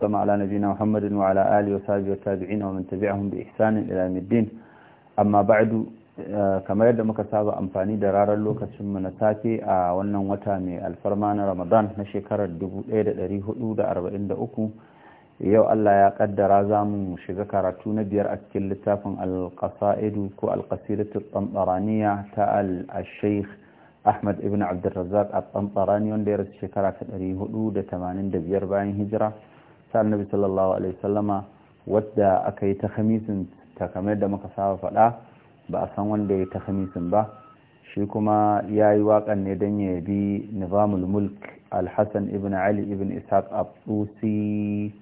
وسلم على نبينا محمد وعلى آله وصحبه والتابعين ومن تبعهم بإحسان إلى يوم الدين أما بعد kamar yadda muka saba amfani da ranar lokacinmu na safe a wannan wata mai alfarma na ramadan na shekarar da da hudu uku yau allah ya kaddara za mu shiga karatu na biyar a cikin littafin alƙasa'idu ko alƙasiratun tsambaraniya ta al-sheikh ahmad ibn abdulrazak a tsambarani wanda ya rasu shekara da 485 bayan hijira sa'an annabi sallallahu alaihi wasallama wadda aka yi ta khamisin ta da muka saba faɗa ba a san wanda ya ta khamisin ba shi kuma ya yi waƙan ne don ya bi nizamul mulk alhassan ibn ali ibn ishaq abdusi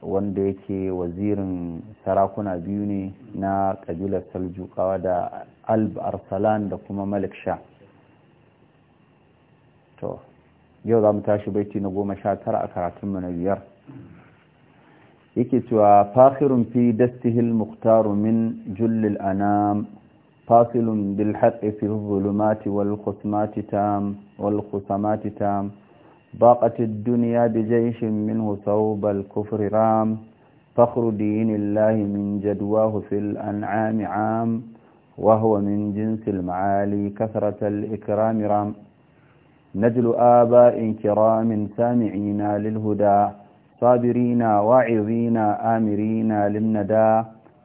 wanda yake wazirin sarakuna biyu ne na ƙabilar saljukawa da alb arsalan da kuma malik sha to yau za mu tashi baiti na goma sha tara a karatunmu na biyar yake فاخر في دسته المختار من جل الأنام فاصل بالحق في الظلمات والخصمات تام والخصمات تام ضاقت الدنيا بجيش منه ثوب الكفر رام فخر دين الله من جدواه في الأنعام عام وهو من جنس المعالي كثرة الإكرام رام نجل آباء كرام سامعين للهدى صابرين واعظين آمرين للندى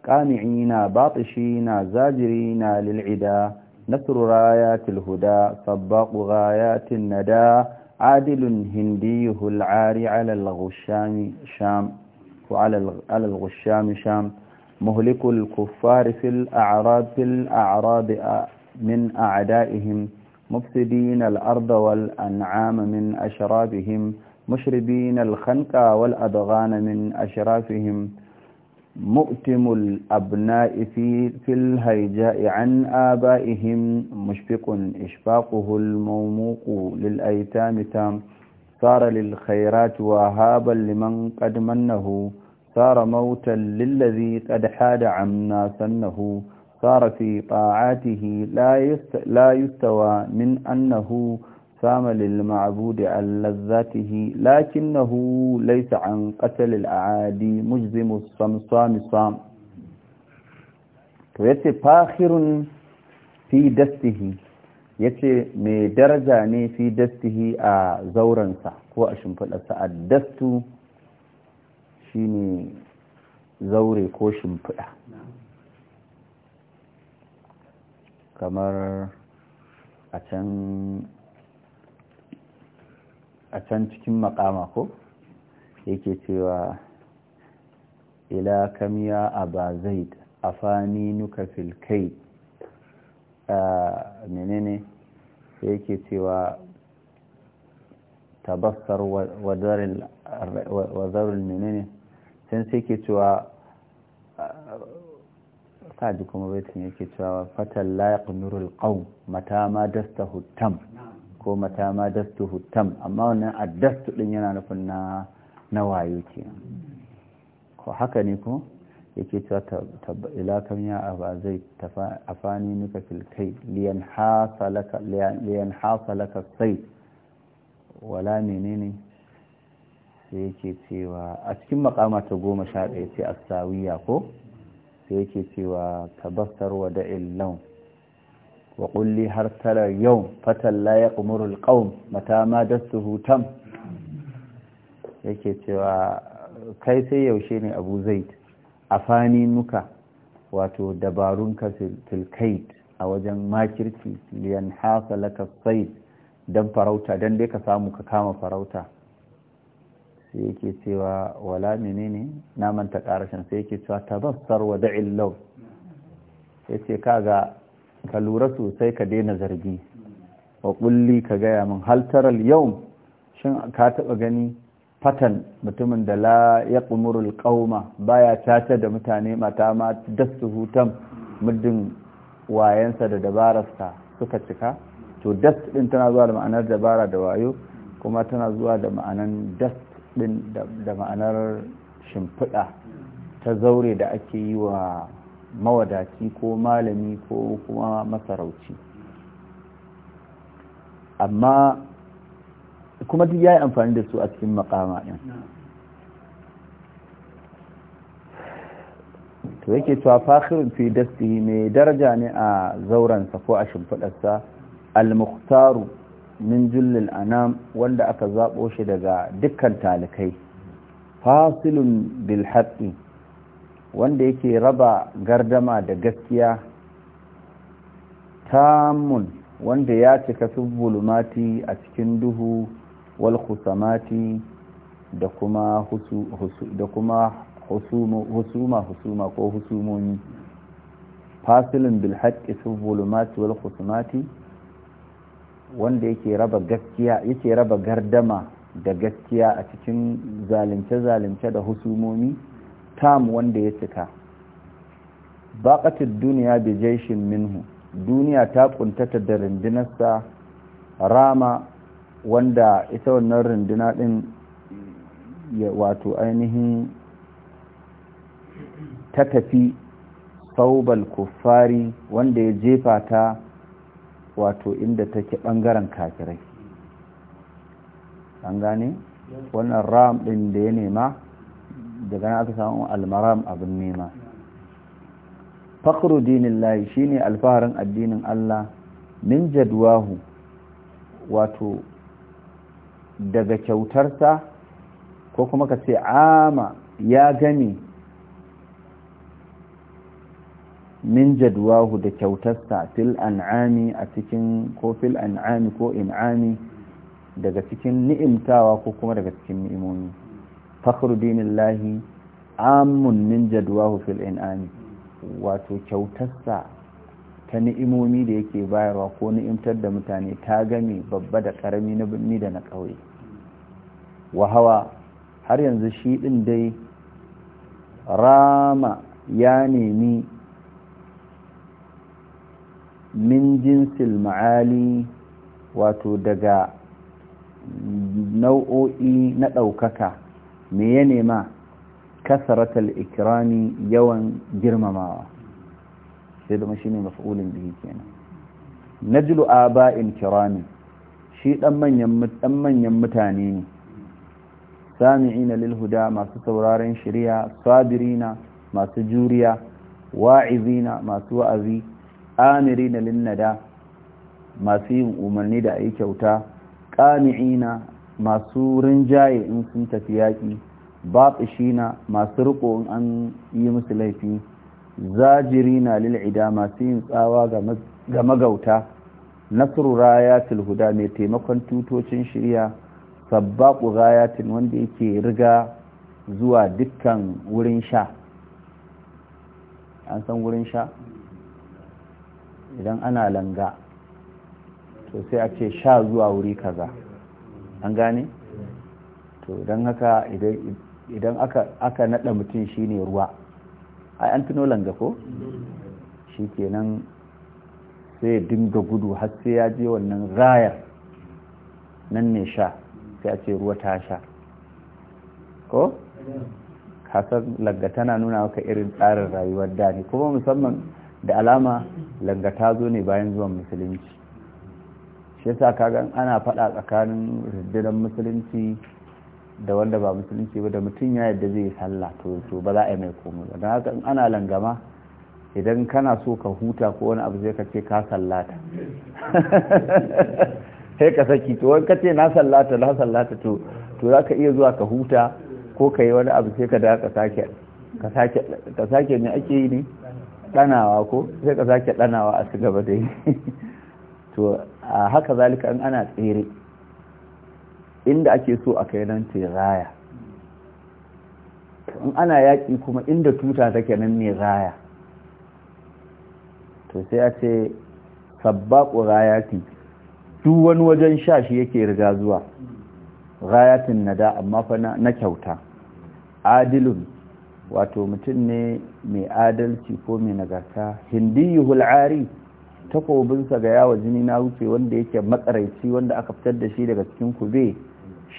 قامعين باطشين زاجرين للعدا نصر رايات الهدى سباق غايات الندى عادل هنديه العار على الغشام شام وعلى الغشام شام مهلك الكفار في الأعراب في الأعراب من أعدائهم مفسدين الأرض والأنعام من أشرابهم مشربين الخنق والأدغان من أشرافهم مؤتم الأبناء في, في الهيجاء عن آبائهم مشفق إشفاقه الموموق للأيتام تام صار للخيرات وهابا لمن قد منه صار موتا للذي قد حاد عنا سنه صار في طاعاته لا يستوى من أنه سام للمعبود عن لذاته لكنه ليس عن قتل الأعادي مجزم الصمصام صام ويتي فاخر في دسته yace mai daraja ne fi dastihi a zaurensa ko a shimfiɗarsa a dastu shine zaure ko shimfiɗa kamar a can a can cikin makama ko yake cewa ila kamiya aba zaid afani nuka fil kai menene yake cewa tabassar wadarul menene can sai ke cewa ji kuma baitin yake cewa fatan layak nurul qaum mata ma dasta hutam ko mata ma dastu hutam amma wannan addastu din yana nufin na na wayo ke ko haka ne ko yake cewa tabba ila kam ya aba zai afani nuka fil kai liyan hasalaka liyan hasalaka sai wala menene sai yake cewa a cikin makama ta goma sha ɗaya sai asawiya ko sai yake cewa tabassar wa da'il lawn وقل لي هرتل يوم فتى لا يقمر القوم متى ما دسته تم yake cewa kai sai yaushe ne abu zaid afani nuka wato dabarunka tilkait a wajen makirci liyan hasa laka said don farauta don dai ka samu ka kama farauta sai yake cewa wala menene na manta karashin sai yake cewa tabassar wa da'il law yace kaga ka lura sosai ka daina zargi wa kulli ka gaya min haltaral yau shin ka taba gani fatan mutumin da la ya ƙumurul ƙauma baya caca da mutane mata ma dasu hutan muddin wayensa da dabararsa suka cika to das ɗin tana zuwa da ma'anar dabara da wayo kuma tana zuwa da ma'anar das ɗin da ma'anar shimfiɗa ta zaure da ake yi wa mawadaci ko malami ko kuma masarauci amma kuma duk ya yi amfani da su a cikin makama ɗin to yake cewa fakhirin fi dasti mai daraja ne a zauransa ko a shimfiɗarsa al-mukhtaru min jullil anam wanda aka zaɓo shi daga dukkan talikai fasilun bil wanda yake raba gardama da gaskiya tamun wanda ya cika bulmati a cikin duhu wal khusamati da kuma da kuma husuma husuma ko husumomi fasilin bil haqqi bulmati wal khusamati wanda yake raba gaskiya yake raba gardama da gaskiya a cikin zalunce zalunce da husumomi tam wanda ya cika baqatid duniya bi jayshin minhu duniya ta kuntata da rindinarsa rama wanda ita wannan rindina din wato ainihin ta tafi saubal kufari wanda ya jefa ta wato inda take bangaren kafirai an gane wannan ram din da ya nema daga nan aka samu almaram abin nema layi dinillahi shine alfaharin addinin Allah min jadwahu wato daga kyautarsa ko kuma ka ce ama ya gani min jadwahu da kyautarsa fil an'ami a cikin ko fil an'ami ko in'ami daga cikin ni'imtawa ko kuma daga cikin ni'imomi fakhruddin Allah amun min jadwahu fil in'ami wato kyautarsa ta ni'imomi da yake bayarwa ko ni'imtar da mutane ta game babba da karami na birni da na ƙauye wahawa har yanzu shi ɗin dai rama ya nemi min jinsil ma'ali wato daga nau'o'i na ɗaukaka me ya nema kasaratal ikirani yawan girmamawa sai da shine maf'ulin bihi kenan najlu aba'in kirami shi dan manyan ɗan manyan mutane ne sami'ina lil lilhuda masu sauraren shirya sabirina masu juriya wa'izina masu wa'azi amirina lin nada masu yin umarni da ayi kyauta qami'ina masu rinjaye in sun tafi yaƙi shina masu riko in an yi musu laifi zajiri na lil'ida masu yin tsawa ga magauta nasru rayatul huda mai taimakon tutocin shirya ya rayatin wanda yake riga zuwa dukkan wurin sha an san wurin sha idan ana langa to sai a ce sha zuwa wuri kaza an gane to don haka idan aka naɗa mutum shine ruwa ai an tuno langa ko shi kenan sai dinga gudu har sai ya je wannan rayar nan ne sha sai a ce ruwa ta sha ko kasar langa tana nuna maka irin tsarin rayuwar da ne kuma musamman da alama langa ta zo ne bayan zuwan musulunci shi yasa ga ana faɗa tsakanin rundunar musulunci da wanda ba musulunci ba da mutum ya yadda zai sallah to to ba za a yi mai komai ba don haka in ana langama idan kana so ka huta ko wani abu zai ka ce ka sallata sai ka saki to wani ka ce na sallata na sallata to to za ka iya zuwa ka huta ko ka yi wani abu sai ka da ka sake ka sake mai ake yi ne ɗanawa ko sai ka sake ɗanawa a su gaba da yi to A haka zalika in ana tsere inda ake so a kai nan ce raya in ana yaƙi kuma inda tuta take nan ne raya to sai a ce sabbaku rayati duk wani wajen sha shi yake riga zuwa rayatin nada amma fa na kyauta adilun wato mutum ne mai adalci ko mai nagarta hindiyuhul ari takobinsa ga yawa jini na wuce wanda yake matsaraici wanda aka fitar da shi daga cikin kube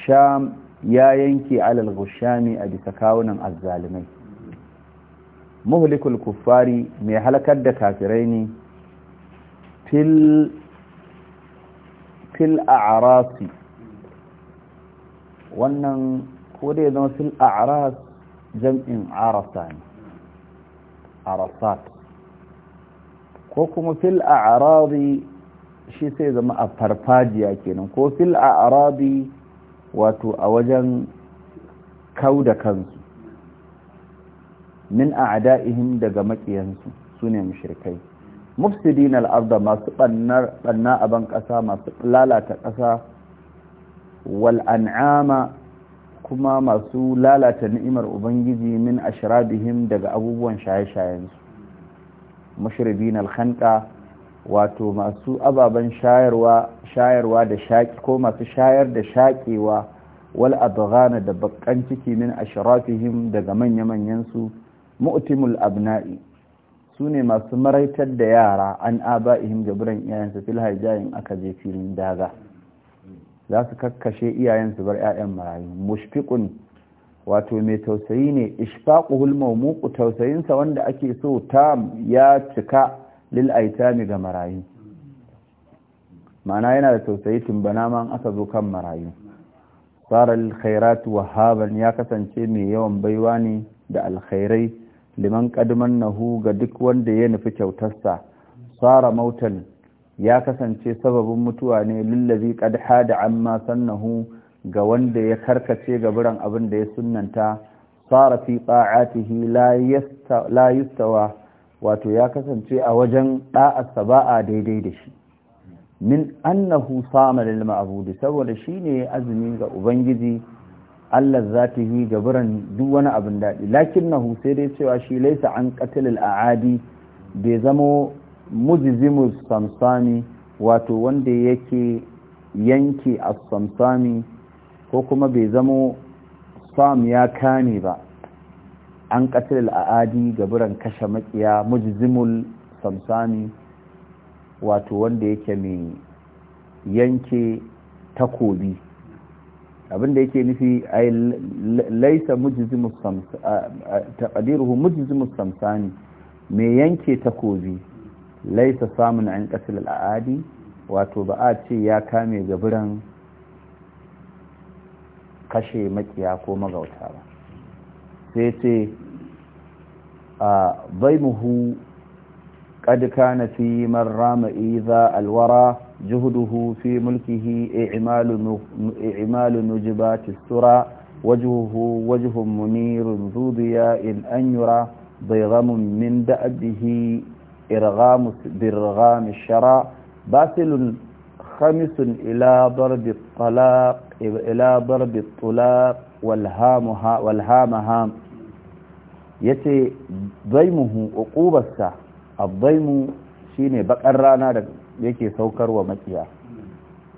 sham ya yanke alal gushami a bisa kawunan azzalimai muhlikul kufari mai halakar da kafirai ne fil a'rasi wannan ko da ya zama fil a'ras jam'in arasa ne arasat ko kuma fil a'radi shi sai zama a farfajiya kenan ko fil a'radi wato a wajen kauda kansu min a'da'ihim daga makiyansu sune mushrikai mufsidin al-ardh masu bannar banna a ban kasa masu lalata kasa wal an'ama kuma masu lalata ni'imar ubangiji min ashrabihim daga abubuwan shaye-shayensu mashribin alkhanqa wato masu ababen shayarwa shayarwa da shaki ko masu shayar da shakewa wal adghana da bakkan ciki min ashrafihim daga manya-manyan su mu'timul abna'i su ne masu maraitar da yara an aba'ihim gaburan iyayensu fil hajjayin aka je filin daga za su kakkashe iyayensu bar 'ya'yan marayu mushfiqun wato mai tausayi ne ishfaquhul mawmuqu tausayinsa wanda ake so ta ya cika lil aitami ga marayu ma'ana yana da tausayi timbana ma aka zo kan marayu lil alkhairat wahaban ya kasance mai yawan baiwa ne da alkhairai liman kadiman nahu ga duk wanda ya nufi kyautarsa sara mautan ya kasance sababin mutuwa ne lillazi qad hada amma sannahu ga wanda ya karkace ga biran abin da ya sunanta fara fi ta'atihi la yustawa wato ya kasance a wajen da'arsa ba daidai da shi min annahu sama lil ma'budi saboda shine azumi ga ubangiji Allah zatihi ga biran duk wani abin daɗi lakin lakinnahu sai dai cewa shi laisa an qatil a'adi bai zamo mujzimus samsami wato wanda yake yanke a samsami ko kuma bai zamo sam ya kane ba an katil al'adi gaburan kashe makiya mujzimul samsani wato wanda yake mai yanke takobi abinda yake nufi ai laisa samsani taqdiruhu mujzimus samsani mai yanke takobi laisa samun an katil al'adi wato ba a ce ya kame gaburan kashe makiya ko magauta ba sai ce a zaimuhu قد كان في من رام إيذاء الورى جهده في ملكه إعمال, إعمال نجبات السرى وجهه وجه منير ذو ضياء أن يرى ضيغم من دأبه إرغام برغام الشرى باسل khamisun ila darbi talaq ila darbi talaq walhamaha walhamaha yace daimuhu uqubarsa addaimu shine bakar rana da yake saukarwa makiya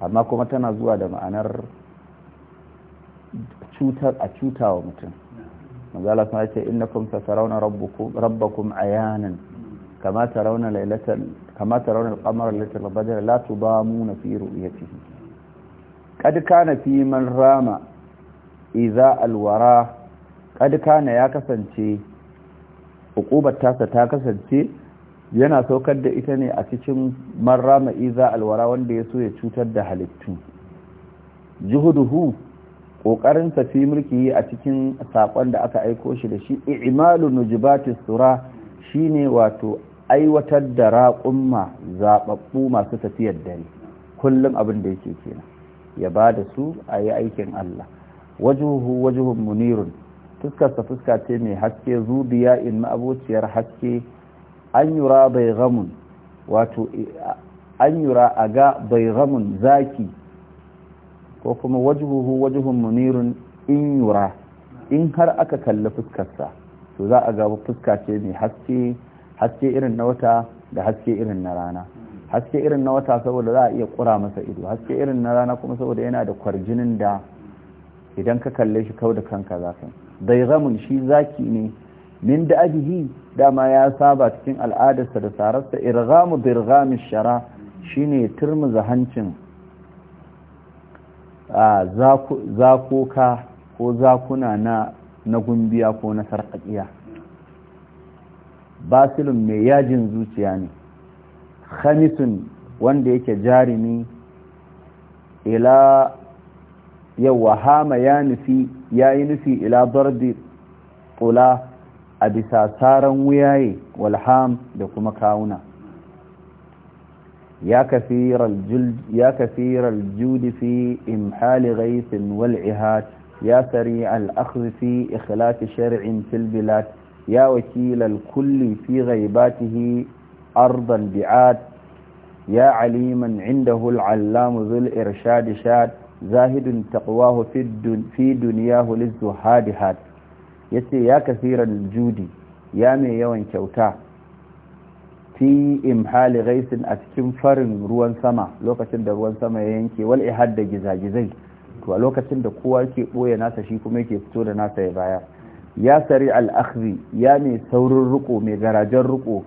amma kuma tana zuwa da ma'anar cutar a cutawa mutum mazala sun ce innakum satarawna rabbakum ayanan kama tarawna lailatan كما ترون القمر lati rabadar لا تبامون na رؤيته قد كان في fi man rama الورا alwara كان يا ya kasance hukubar ta kasance yana saukar da ita ne a cikin man rama iza alwara wanda ya so ya cutar da halittu juhuduhu kokarin fi mulki a cikin sakon da aka aiko shi da shi i'malu nujibatis sura shine wato aiwatar da raƙumma zaɓaɓɓu masu tafiyar dare kullum abin da yake kenan ya ba da su a yi aikin Allah wajuhu wajuhun munirun fuskarsa fuska ce mai haske zubiya in ma'abociyar haske an yura bai gamun wato an yura a ga bai gamun zaki ko kuma wajuhu wajuhun munirun in yura in har aka kalli fuskarsa to za a ga fuska ce mai haske haske irin na wata da haske irin na rana haske irin na wata saboda za a iya kura masa ido haske irin na rana kuma saboda yana da kwarjinin da idan ka kalle shi kau da kanka za ka bai zamun shi zaki ne min da abihi dama ya saba cikin al'adarsa da sararsa irgamu birgamin shara shine turmuza hancin zakoka ko zakuna na gumbiya ko na sarƙaƙiya basilun mai yajin zuciya ne khamisun wanda yake jarumi ila yawa hama ya nufi ya yi nufi ila bardi kula a bisa tsaron wuyaye walham da kuma kawuna ya kafirar judi fi imhali gaisin wal'ihat ya sari al'akhzi fi ikhlasi shari'in filbilat ya wakilal kulli fi ghaibatihi ardan bi'ad ya aliman indahu al'allamu zul irshad shad zahidun taqwahu fi duniyahu lizuhadi had yace ya kasiran judi ya mai yawan kyauta fi imhali gaisin a cikin farin ruwan sama lokacin da ruwan sama ya yanke wal ihad da gizagizai to a lokacin da kowa yake ɓoye nasa shi kuma yake fito da nasa ya bayar ya sari al'akhzi ya ne saurin riko mai garajen riko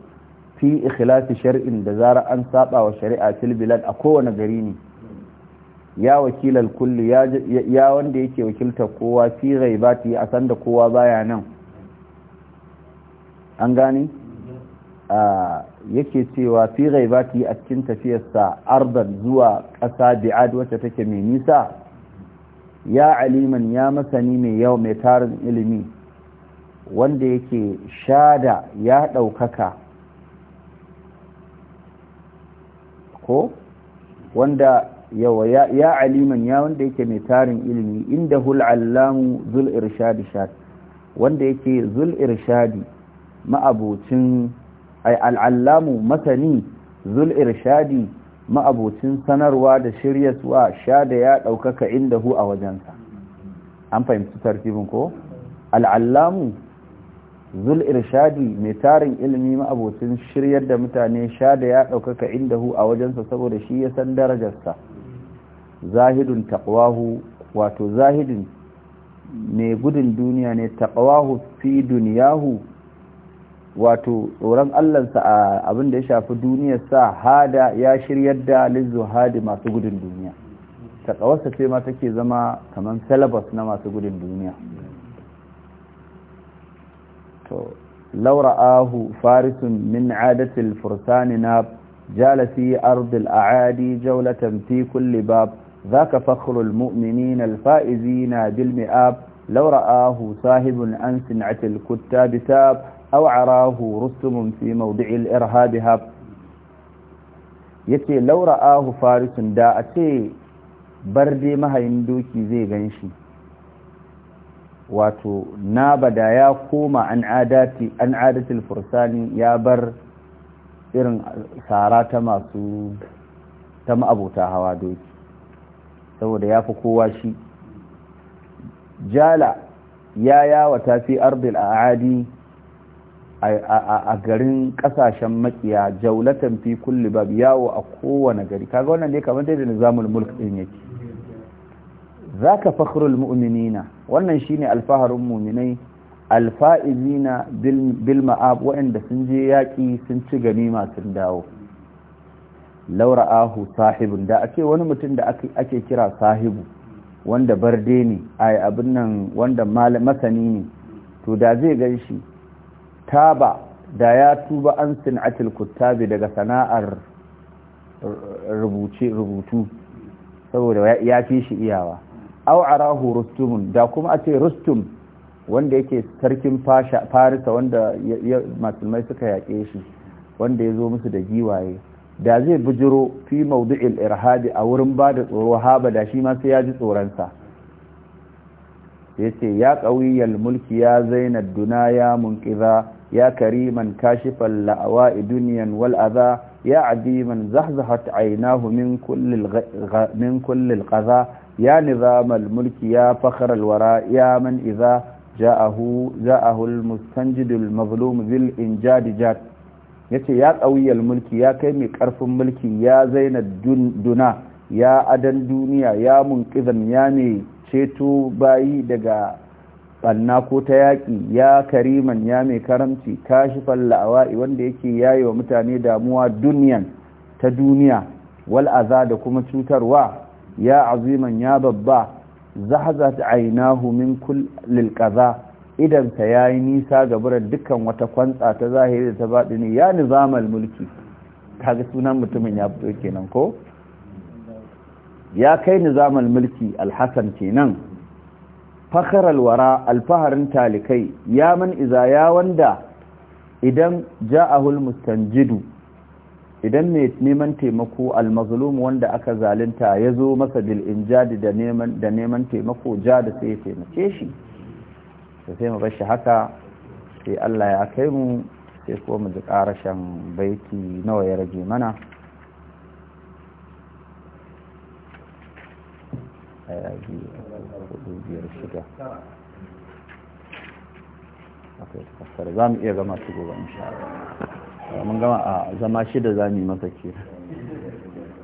fi ikhlasi shari'in da zara an saba wa shari'a filbilad a kowane gari ne ya wakilar kulle ya wanda yake wakilta kowa fi ta yi a sanda kowa baya nan an gani yake cewa fi ta yi a cikin tafiyarsa ardan zuwa ƙasa bi'ad wacce take mai nisa ya aliman ya masani mai yau mai tarin ilimi wanda yake shada ya ɗaukaka ko wanda yawa ya aliman ya wanda yake mai tarin ilimi inda hul'allamu zul irshadi shad wanda yake zul irshadi ma'abocin ai al'allamu masani zul irshadi ma'abocin sanarwa da shiryaswa shada ya ɗaukaka inda hu a wajensa an fahimci tartibin ko al'allamu zul irshadi mai tarin ilimi ma'abocin shiryar da mutane sha da ya ɗaukaka inda hu a wajensa saboda shi ya san darajarsa zahidun taqwahu wato zahidin mai gudun duniya ne taqwahu fi duniyahu wato tsoron allansa a abin da ya shafi duniyar sa hada ya shiryar da hadi masu gudun duniya taqawarsa sai ma take zama kamar celibus na masu gudun duniya to laura ahu farisun min adatil furtani na jalasi ardil a adi jaulatan fi kulli bab za ka fakhrul mu'minin alfa'izi na bilmi ab laura ahu sahibun an sinatil kutta bisa aw arahu rustumun fi mawdi'il irhabi hab yace laura ahu farisun da a ce barde mahayin doki zai ganshi. wato na bada ya koma an adati an adatil fursani ya bar irin sara ta masu ta ma'abuta hawa doki saboda ya fi kowa shi jala ya yawata fi ardil a'adi a garin kasashen makiya jaulatan fi kulli bab yawo a kowane gari kaga wannan ne kamar da nizamul mulk din yake zaka fakhrul mu'minina wannan shine alfaharun mu'minai alfa'izina bil ma'ab wa'anda sun je yaki sun ci gani sun dawo laura ahu sahibun da ake wani mutum da ake kira sahibu wanda barde ne ai abin nan wanda masani ne to da zai ganshi. shi taba da ya tuba an sin'atil kuttabi daga sana'ar rubutu saboda ya fi shi iyawa aw arahu rustum da kuma a ce rustum wanda yake sarkin farisa wanda musulmai suka yaƙe shi wanda ya zo musu da giwaye da zai bujiro fi maudu'il irhadi a wurin ba da tsoro haba da shi ma sai ya ji tsoronsa ya ce ya ƙawiyyar mulki ya zaina duna ya munƙiza يا كريما كاشف اللأواء دنيا والأذى يا عديما زحزحت عيناه من كل الغ... من كل القذى يا نظام الملك يا فخر الوراء يا من إذا جاءه جاءه المستنجد المظلوم ذي الإنجاد جات yace ya ƙauyar mulki ya kai mai ƙarfin mulki ya zaina duna ya adan duniya ya munƙizan ya mai ceto bayi daga banna ko ta yaƙi ya kariman ya mai karamci kashifan la'awa'i wanda yake yayi wa mutane damuwa duniyan ta duniya wal aza da kuma cutarwa ya aziman ya babba zahazat ta min humin qaza idan ya yi nisa ga buran dukkan wata kwantsa ta zahiri da ta ne ya nizamal mulki ga sunan mutumin ya fito kenan ko ya kai nizamal mulki alhassan kenan fakharal alwara alfaharin talikai ya man iza ya wanda idan ja'ahul mustanjidu idan mai neman taimako almazlum wanda aka zalunta ya zo masa bil injadi da neman da neman taimako ja da sai ya taimake shi sai mu bar shi haka sai Allah ya kai mu sai kuma mu ji karashin baiti nawa ya rage mana ɗaya biyu hudu biyar shida akwai tafasar za mu iya gama su gobe insha Allah mun gama a zama shida za mu yi masa